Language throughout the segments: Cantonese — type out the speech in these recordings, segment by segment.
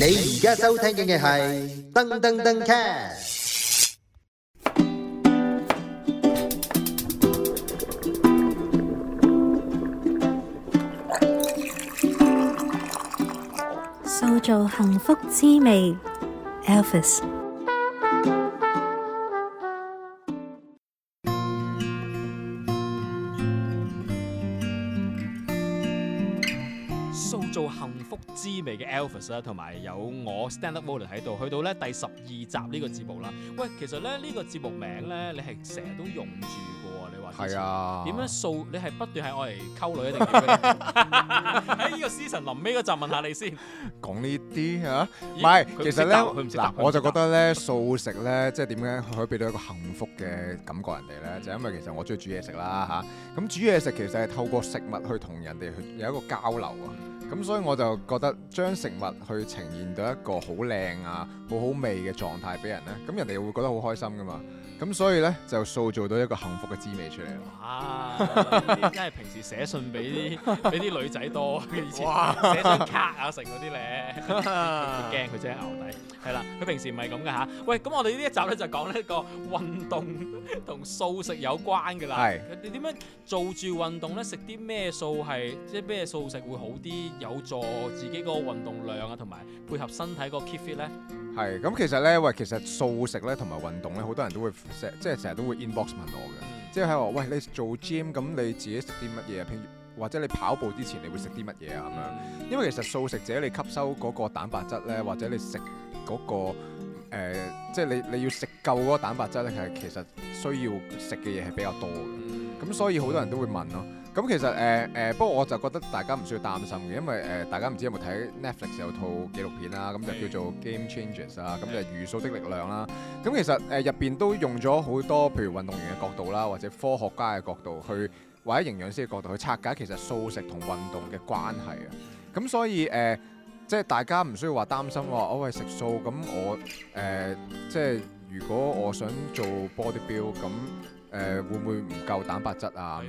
你而家收聽嘅係燈登登 Cast，塑造幸福滋味，Elvis。做幸福滋味嘅 Alfie 啊，同埋有我 Stand Up Model 喺度，去到咧第十二集呢個節目啦。喂，其實咧呢、這個節目名咧，你係成日都用住嘅喎。你話係啊？點樣素？你係不斷喺我嚟溝女定？喺呢個 season 臨尾嗰集問下你先。講呢啲吓，唔係，其實咧嗱，啦我就覺得咧、嗯、素食咧，即係點樣，可以俾到一個幸福嘅感覺人哋咧，嗯、就因為其實我中意煮嘢食啦吓。咁煮嘢食其實係透過食物去同人哋去有一個交流啊。咁所以我就覺得將食物去呈現到一個好靚啊、好好味嘅狀態俾人咧，咁人哋會覺得好開心噶嘛。咁所以咧就塑造到一個幸福嘅滋味出嚟。哇！真係平時寫信俾啲俾啲女仔多，以前寫信卡啊成嗰啲咧。驚佢真係牛底。係啦，佢平時唔係咁嘅嚇。喂，咁我哋呢一集咧就講呢個運動同素食有關嘅啦。係。你點樣做住運動咧？食啲咩素係即係咩素食會好啲？有助自己個運動量啊，同埋配合身體個 keep fit 咧。係咁，其實咧喂，其實素食咧同埋運動咧，好多人都會即係成日都會 inbox 問我嘅，即係話喂，你做 gym 咁你自己食啲乜嘢？譬如或者你跑步之前你會食啲乜嘢啊咁樣？因為其實素食者你吸收嗰個蛋白質咧，嗯、或者你食嗰、嗰個、呃、即係你你要食夠嗰個蛋白質咧，係其實需要食嘅嘢係比較多嘅。咁、嗯、所以好多人都會問咯。嗯咁其實誒誒、呃呃，不過我就覺得大家唔需要擔心嘅，因為誒、呃、大家唔知有冇睇 Netflix 有, Net 有套紀錄片啦，咁的就叫做 Game Changes, 的《Game Changes、就是》啊，咁就《茹素的力量》啦。咁其實誒入邊都用咗好多，譬如運動員嘅角度啦，或者科學家嘅角度去，或者營養師嘅角度去拆解其實素食同運動嘅關係啊。咁所以誒、呃，即係大家唔需要話擔心話，哦喂，食素咁我誒、呃，即係如果我想做 body build 咁。誒、呃、會唔會唔夠蛋白質啊？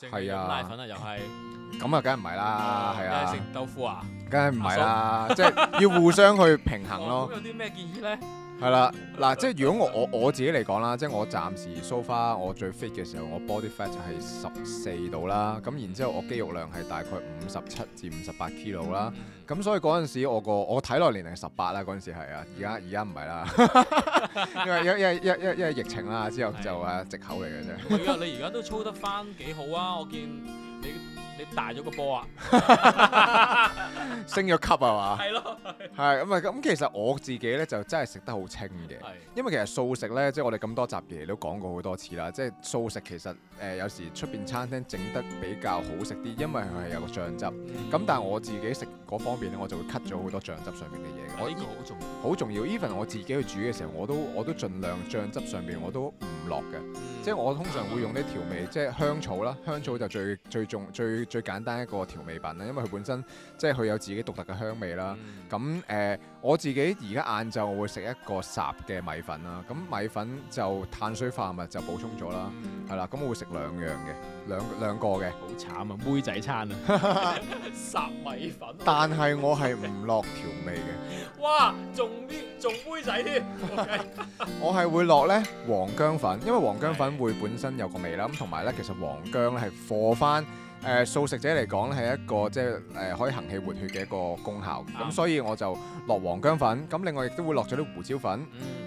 咁樣係啊，蛋白粉啊，啊又係是，咁啊梗係唔係啦？係啊，食、啊、豆腐啊，梗係唔係啦？即係、啊、嫂 要互相去平衡咯。咁有啲咩建議咧？係啦，嗱，即係如果我我我自己嚟講啦，即係我暫時 so far 我最 fit 嘅時候，我 body fat 就係十四度啦，咁然之後我肌肉量係大概五十七至五十八 kilo 啦，咁所以嗰陣時我個我睇落年齡十八啦，嗰陣時係啊，而家而家唔係啦， 因為因為因因因為疫情啦，之後就啊藉口嚟嘅啫。的 你而家都操得翻幾好啊，我見。你你大咗個波啊？ 升咗級啊嘛？係咯，係咁啊咁。其實我自己咧就真係食得好清嘅，的因為其實素食咧，即係我哋咁多集嘢都講過好多次啦。即係素食其實誒、呃、有時出邊餐廳整得比較好食啲，因為佢係有個醬汁。咁、嗯、但係我自己食嗰方面咧，我就會 cut 咗好多醬汁上面嘅嘢。的我呢個好重要，even 我自己去煮嘅時候，我都我都盡量醬汁上面我都唔落嘅。嗯、即係我通常會用啲調味，即係香草啦，香草就最最。最最簡單一個調味品啦，因為佢本身即係佢有自己獨特嘅香味啦，咁誒、嗯。我自己而家晏晝會食一個雜嘅米粉啦，咁米粉就碳水化物就補充咗啦，係啦，咁我會食兩樣嘅，兩兩個嘅。好慘啊，妹仔餐啊，雜 米粉啊。但係我係唔落調味嘅。 哇，仲啲仲妹仔添。Okay. 我係會落咧黃薑粉，因為黃薑粉會本身有個味啦，咁同埋咧其實黃薑咧係貨翻。呃、素食者嚟講咧係一個即係誒、呃、可以行氣活血嘅一個功效，咁、啊、所以我就落黃薑粉，咁另外亦都會落咗啲胡椒粉，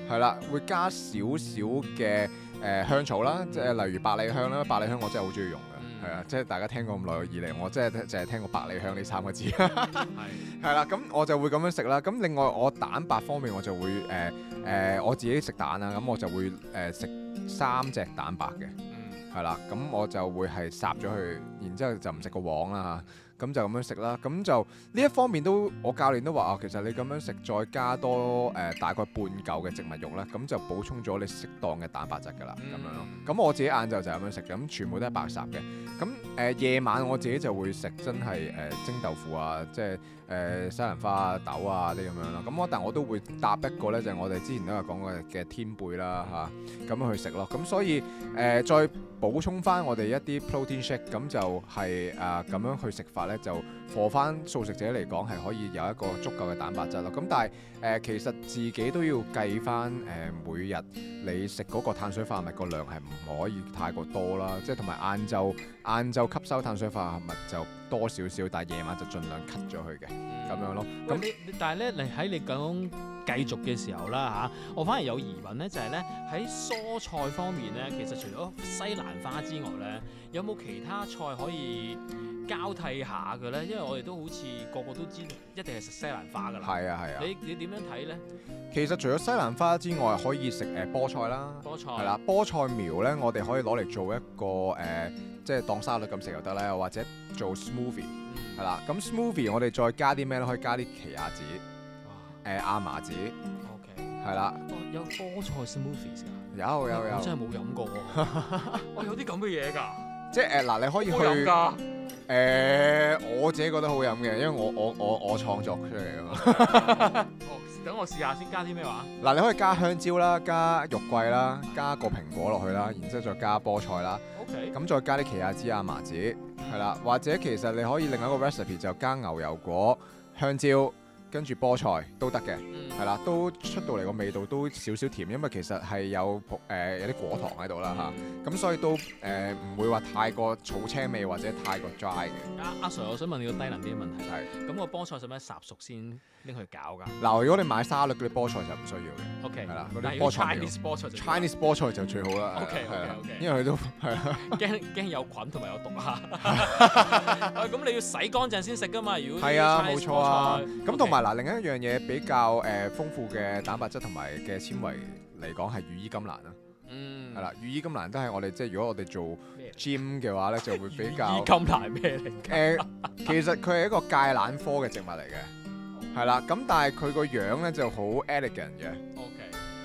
係、嗯、啦，會加少少嘅誒香草啦，即係例如百里香啦，百里香我真係好中意用嘅，係啊、嗯，即係大家聽過咁耐以嚟，我真係淨係聽過百里香呢三個字，係 是，係啦，咁我就會咁樣食啦，咁另外我蛋白方面我就會誒誒、呃呃、我自己食蛋啦，咁我就會誒、呃、食三隻蛋白嘅。係啦，咁我就會係烚咗佢，然之後就唔食個黃啦。咁就咁樣食啦，咁就呢一方面都我教練都話啊、哦，其實你咁樣食再加多誒、呃、大概半嚿嘅植物肉啦，咁就補充咗你適當嘅蛋白質㗎啦，咁樣咯。咁、嗯、我自己晏晝就咁樣食，咁全部都係白烚嘅。咁誒夜晚我自己就會食真係誒、呃、蒸豆腐啊，即係誒、呃、西蘭花、豆啊啲咁樣啦。咁我但我都會搭一個呢，就係、是、我哋之前都有講過嘅天貝啦嚇，咁、啊、樣去食咯。咁所以誒、呃、再補充翻我哋一啲 protein shake，咁就係啊咁樣去食法。就貨翻素食者嚟講，係可以有一個足夠嘅蛋白質咯。咁但係誒、呃，其實自己都要計翻誒，每日你食嗰個碳水化合物個量係唔可以太過多啦。即係同埋晏晝，晏晝吸收碳水化合物就多少少，但係夜晚就盡量 cut 咗佢嘅咁樣咯。咁喂那但係咧，你喺你講繼續嘅時候啦嚇、啊，我反而有疑問咧、就係，就係咧喺蔬菜方面咧，其實除咗西蘭花之外咧，有冇其他菜可以？交替下嘅咧，因為我哋都好似個個都知一定係食西蘭花噶啦。係啊係啊，你你點樣睇咧？其實除咗西蘭花之外，可以食誒菠菜啦，菠菜係啦，菠菜苗咧，我哋可以攞嚟做一個誒，即係當沙律咁食又得啦，或者做 smoothie 係啦。咁 smoothie 我哋再加啲咩咧？可以加啲奇亞籽，誒亞麻籽，OK，係啦。有菠菜 smoothie 㗎？有有有，真係冇飲過喎！哇，有啲咁嘅嘢㗎？即係誒嗱，你可以去。誒，uh, 我自己覺得好飲嘅，因為我我我我創作出嚟噶嘛。哦，等我試下先，加啲咩話？嗱，你可以加香蕉啦，加肉桂啦，加個蘋果落去啦，然之後再加菠菜啦。O K。咁再加啲奇亞籽啊、麻籽，係啦。 或者其實你可以另一個 recipe 就加牛油果、香蕉，跟住菠菜都得嘅。嗯係啦，都出到嚟個味道都少少甜，因為其實係有葡誒有啲果糖喺度啦嚇，咁所以都誒唔會話太過草青味或者太過 dry 嘅。阿阿 Sir，我想問你個低能啲嘅問題就係，咁個菠菜使唔使煮熟先拎去搞㗎？嗱，如果你買沙律嗰啲菠菜就唔需要嘅。O K。係啦，嗰啲菠菜。Chinese 菠菜就最好啦。O K O K O K，因為佢都係啊，驚驚有菌同埋有毒嚇。咁你要洗乾淨先食㗎嘛？如果係啊，冇錯啊。咁同埋嗱，另一樣嘢比較誒。豐富嘅蛋白質同埋嘅纖維嚟講係羽衣甘藍啦，嗯，係啦，羽衣甘藍都係我哋即係如果我哋做 gym 嘅話咧，就會比較。甘 藍咩嚟？誒、 欸，其實佢係一個芥蘭科嘅植物嚟嘅，係啦、哦，咁但係佢個樣咧就好 elegant 嘅。Okay.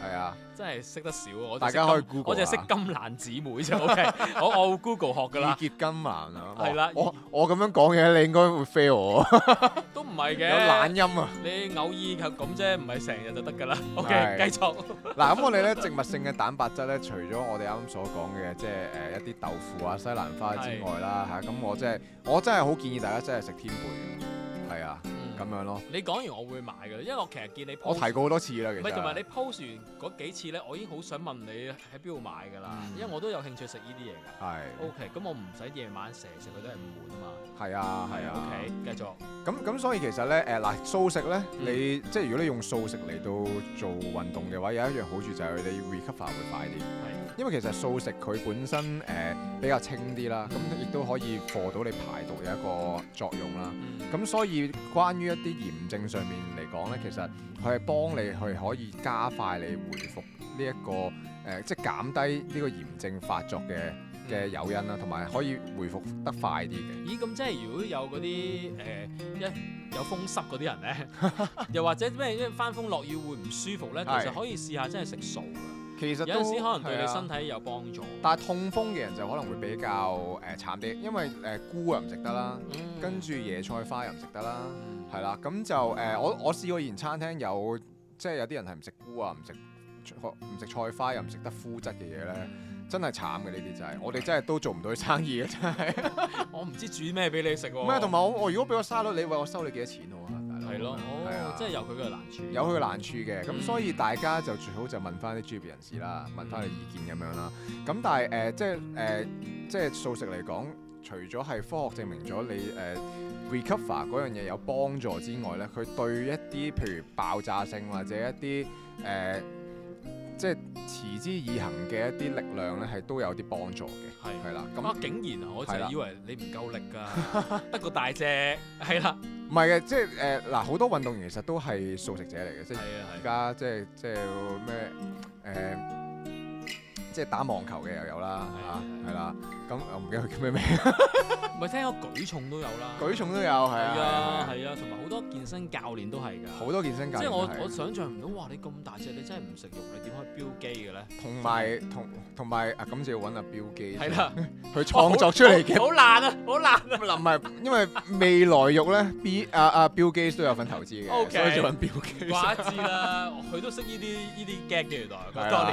係啊，真係識得少我，大家可以 Google，我淨係識金蘭姊妹啫，OK，我會 Google 學噶啦。義結金蘭啊，係啦，我我咁樣講嘢，你應該會 fail。我都唔係嘅，有懶音啊。你偶爾咁啫，唔係成日就得噶啦。OK，繼續。嗱，咁我哋咧，植物性嘅蛋白質咧，除咗我哋啱啱所講嘅，即係誒一啲豆腐啊、西蘭花之外啦，吓咁我即係我真係好建議大家真係食天貝。係啊。咁樣咯，你講完我會買㗎，因為我其實見你 post，我提過好多次啦，其實唔係同埋你 post 完嗰幾次咧，我已經好想問你喺邊度買㗎啦，嗯、因為我都有興趣食呢啲嘢㗎。係的，OK，咁我唔使夜晚成日食佢都係唔滿啊嘛。係啊，係啊，OK，繼續。咁咁、嗯、所以其實咧，誒、呃、嗱，素食咧，你、嗯、即係如果你用素食嚟到做運動嘅話，有一樣好處就係你 recover 會快啲。因為其實素食佢本身誒、呃、比較清啲啦，咁、嗯、亦都可以助到你排毒嘅一個作用啦。咁、嗯、所以關於一啲炎症上面嚟講咧，其實佢係幫你去可以加快你回復呢一個誒、呃，即係減低呢個炎症發作嘅嘅誘因啦，同埋、嗯、可以回復得快啲嘅。咦？咁即係如果有嗰啲誒一有風濕嗰啲人咧， 又或者咩一翻風落雨會唔舒服咧，其實可以試下真係食素。其實有陣時可能對你身體有幫助，但係痛風嘅人就可能會比較誒慘啲，因為誒菇又唔食得啦，跟住椰菜花又唔食得啦，係啦，咁就誒我我試過以前餐廳有，即係有啲人係唔食菇啊，唔食唔食菜花又唔食得膚質嘅嘢咧，真係慘嘅呢啲就係，我哋真係都做唔到生意嘅真係，我唔知煮咩俾你食喎。咩？同埋我如果俾個沙律，你話我收你幾多錢好啊？大佬。係咯。即係有佢嘅難處，有佢嘅難處嘅，咁所以大家就最好就問翻啲專業人士啦，問翻佢意見咁樣啦。咁但係誒，即係誒，即係素食嚟講，除咗係科學證明咗你誒 recover 嗰樣嘢有幫助之外咧，佢對一啲譬如爆炸性或者一啲誒，即係持之以恒嘅一啲力量咧，係都有啲幫助嘅。係，係啦。咁竟然，我就以為你唔夠力㗎，得個大隻，係啦。唔係嘅，即係誒嗱，好多運動員其實都係素食者嚟嘅，即係而家即係即係咩誒，即係打網球嘅又有啦嚇，係啦，咁我唔記得佢叫咩名。 咪聽講舉重都有啦，舉重都有係，啊，係啊，同埋好多健身教練都係㗎，好多健身教練。即係我我想象唔到，哇！你咁大隻，你真係唔食肉，你點可以標肌嘅咧？同埋同同埋啊，今次要揾阿標肌，係啦，佢創作出嚟嘅。好難啊，好難啊！唔係，因為未來肉咧，B 啊啊標肌都有份投資嘅，所以就揾標肌。寡知啦，佢都識呢啲呢啲 gag 嘅原來，多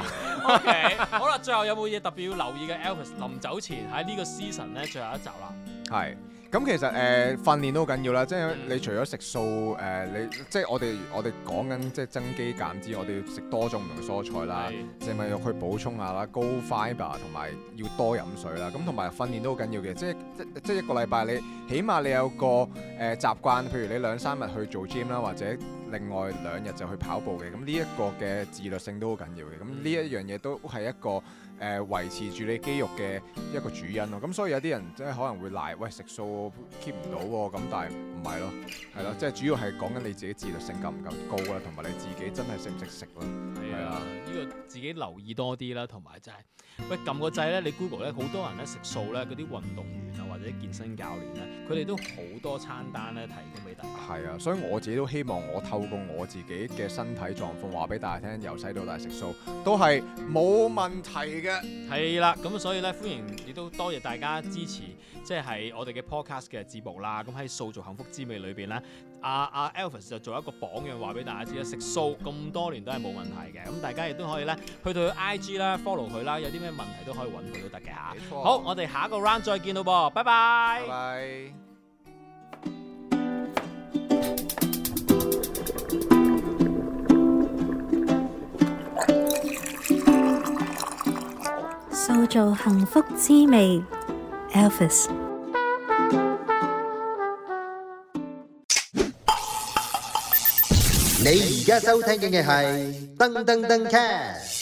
年。好啦，最後有冇嘢特別要留意嘅？Alvis 臨走前喺呢個 season 咧，最後一集啦。係，咁其實誒、嗯呃、訓練都好緊要啦，即係你除咗食素誒、呃，你即係我哋我哋講緊即係增肌減脂，我哋要食多種唔同蔬菜啦，食物、嗯、要去補充下啦，高 fiber 同埋要多飲水啦，咁同埋訓練都好緊要嘅，即係即即係一個禮拜你起碼你有個誒、呃、習慣，譬如你兩三日去做 gym 啦，或者另外兩日就去跑步嘅，咁呢一個嘅自律性都好緊要嘅，咁呢一樣嘢都係一個。嗯嗯誒、呃、維持住你肌肉嘅一個主因咯，咁、嗯、所以有啲人即係可能會賴喂食素 keep 唔到喎，咁但係唔係咯，係啦，即係主要係講緊你自己，自己自律性夠唔夠高啦，同埋你自己真係識唔識食啦。係啊，呢、嗯，呢個自己留意多啲啦，同埋即係喂撳個掣咧，你 Google 咧，好多人咧食素咧，嗰啲運動員啊或者健身教練咧，佢哋都好多餐單咧提供俾大家。係啊，所以我自己都希望我透過我自己嘅身體狀況話俾大家聽，由細到大食素都係冇問題嘅。係啦、啊，咁所以咧，歡迎亦都多謝大家支持，即係我哋嘅 Podcast 嘅節目啦。咁喺素做幸福滋味裏邊啦。阿阿 Elvis 就做一個榜樣，話俾大家知啦，食素咁多年都係冇問題嘅。咁大家亦都可以咧，去到佢 IG 啦，follow 佢啦，有啲咩問題都可以揾佢都得嘅吓。好，我哋下一個 round 再見啦噃，拜拜。拜。塑造幸福滋味，Elvis。你而家收聽嘅係燈登登 cat